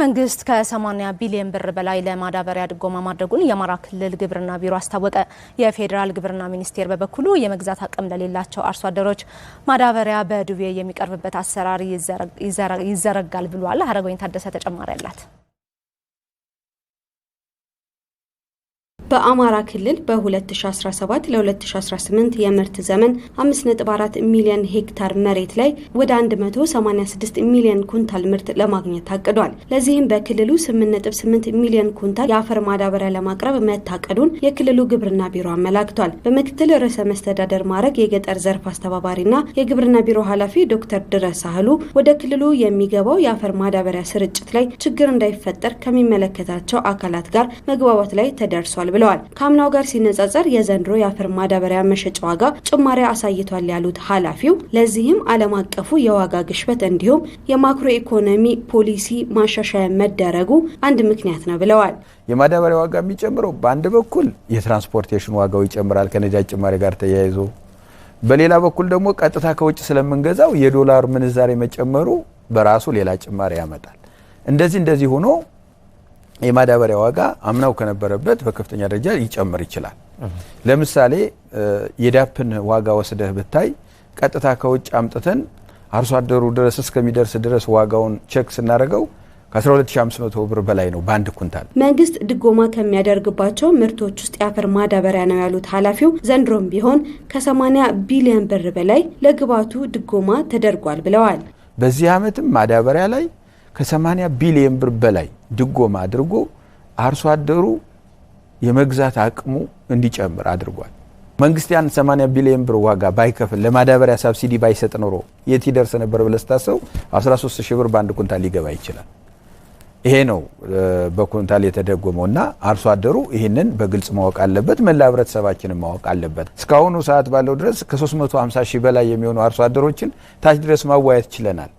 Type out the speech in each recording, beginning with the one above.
መንግስት ከ80 ቢሊዮን ብር በላይ ለማዳበሪያ ድጎማ ማድረጉን የአማራ ክልል ግብርና ቢሮ አስታወቀ። የፌዴራል ግብርና ሚኒስቴር በበኩሉ የመግዛት አቅም ለሌላቸው አርሶ አደሮች ማዳበሪያ በዱቤ የሚቀርብበት አሰራር ይዘረጋል ብሏል። ሀረገወይን ታደሰ ተጨማሪ አላት። በአማራ ክልል በ2017 ለ2018 የምርት ዘመን 5.4 ሚሊዮን ሄክታር መሬት ላይ ወደ 186 ሚሊዮን ኩንታል ምርት ለማግኘት ታቅዷል። ለዚህም በክልሉ 8.8 ሚሊዮን ኩንታል የአፈር ማዳበሪያ ለማቅረብ መታቀዱን የክልሉ ግብርና ቢሮ አመላክቷል። በምክትል ርዕሰ መስተዳደር ማዕረግ የገጠር ዘርፍ አስተባባሪና የግብርና ቢሮ ኃላፊ ዶክተር ድረስ ሳህሉ ወደ ክልሉ የሚገባው የአፈር ማዳበሪያ ስርጭት ላይ ችግር እንዳይፈጠር ከሚመለከታቸው አካላት ጋር መግባባት ላይ ተደርሷል ብለዋል። ብለዋል። ከአምናው ጋር ሲነጻጸር የዘንድሮ የአፈር ማዳበሪያ መሸጫ ዋጋ ጭማሪ አሳይቷል ያሉት ኃላፊው ለዚህም ዓለም አቀፉ የዋጋ ግሽበት እንዲሁም የማክሮ ኢኮኖሚ ፖሊሲ ማሻሻያ መደረጉ አንድ ምክንያት ነው ብለዋል። የማዳበሪያ ዋጋ የሚጨምረው በአንድ በኩል የትራንስፖርቴሽን ዋጋው ይጨምራል ከነዳጅ ጭማሪ ጋር ተያይዞ፣ በሌላ በኩል ደግሞ ቀጥታ ከውጭ ስለምንገዛው የዶላር ምንዛሬ መጨመሩ በራሱ ሌላ ጭማሪ ያመጣል። እንደዚህ እንደዚህ ሆኖ የማዳበሪያ ዋጋ አምናው ከነበረበት በከፍተኛ ደረጃ ሊጨምር ይችላል። ለምሳሌ የዳፕን ዋጋ ወስደህ ብታይ ቀጥታ ከውጭ አምጥተን አርሶ አደሩ ድረስ እስከሚደርስ ድረስ ዋጋውን ቼክ ስናደርገው ከ12500 ብር በላይ ነው በአንድ ኩንታል። መንግስት ድጎማ ከሚያደርግባቸው ምርቶች ውስጥ የአፈር ማዳበሪያ ነው ያሉት ኃላፊው፣ ዘንድሮም ቢሆን ከ80 ቢሊዮን ብር በላይ ለግባቱ ድጎማ ተደርጓል ብለዋል። በዚህ ዓመትም ማዳበሪያ ላይ ከ80 ቢሊየን ብር በላይ ድጎማ አድርጎ አርሶ አደሩ የመግዛት አቅሙ እንዲጨምር አድርጓል። መንግስት ያን 80 ቢሊዮን ብር ዋጋ ባይከፍል ለማዳበሪያ ሳብሲዲ ባይሰጥ ኖሮ የት ይደርስ ነበር ብለህ 13 ሺህ ብር በአንድ ኩንታል ሊገባ ይችላል። ይሄ ነው በኩንታል የተደጎመው እና አርሶ አደሩ ይህንን በግልጽ ማወቅ አለበት። መላ ህብረተሰባችንን ማወቅ አለበት። እስካሁኑ ሰዓት ባለው ድረስ ከ350 ሺህ በላይ የሚሆኑ አርሶ አደሮችን ታች ድረስ ማዋየት ችለናል።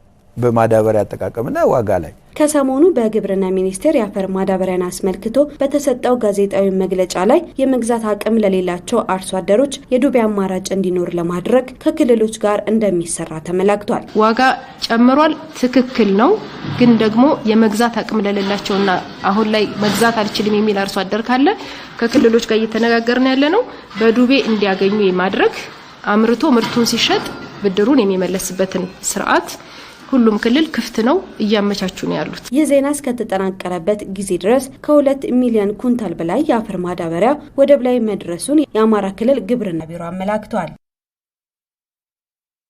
በማዳበሪያ አጠቃቀምና ዋጋ ላይ ከሰሞኑ በግብርና ሚኒስቴር የአፈር ማዳበሪያን አስመልክቶ በተሰጠው ጋዜጣዊ መግለጫ ላይ የመግዛት አቅም ለሌላቸው አርሶ አደሮች የዱቤ አማራጭ እንዲኖር ለማድረግ ከክልሎች ጋር እንደሚሰራ ተመላክቷል። ዋጋ ጨምሯል፣ ትክክል ነው። ግን ደግሞ የመግዛት አቅም ለሌላቸውና አሁን ላይ መግዛት አልችልም የሚል አርሶ አደር ካለ ከክልሎች ጋር እየተነጋገርን ያለ ነው። በዱቤ እንዲያገኙ የማድረግ አምርቶ ምርቱን ሲሸጥ ብድሩን የሚመለስበትን ስርዓት ሁሉም ክልል ክፍት ነው፣ እያመቻቹ ነው ያሉት። ይህ ዜና እስከተጠናቀረበት ጊዜ ድረስ ከሁለት ሚሊዮን ኩንታል በላይ የአፈር ማዳበሪያ ወደብ ላይ መድረሱን የአማራ ክልል ግብርና ቢሮ አመላክቷል።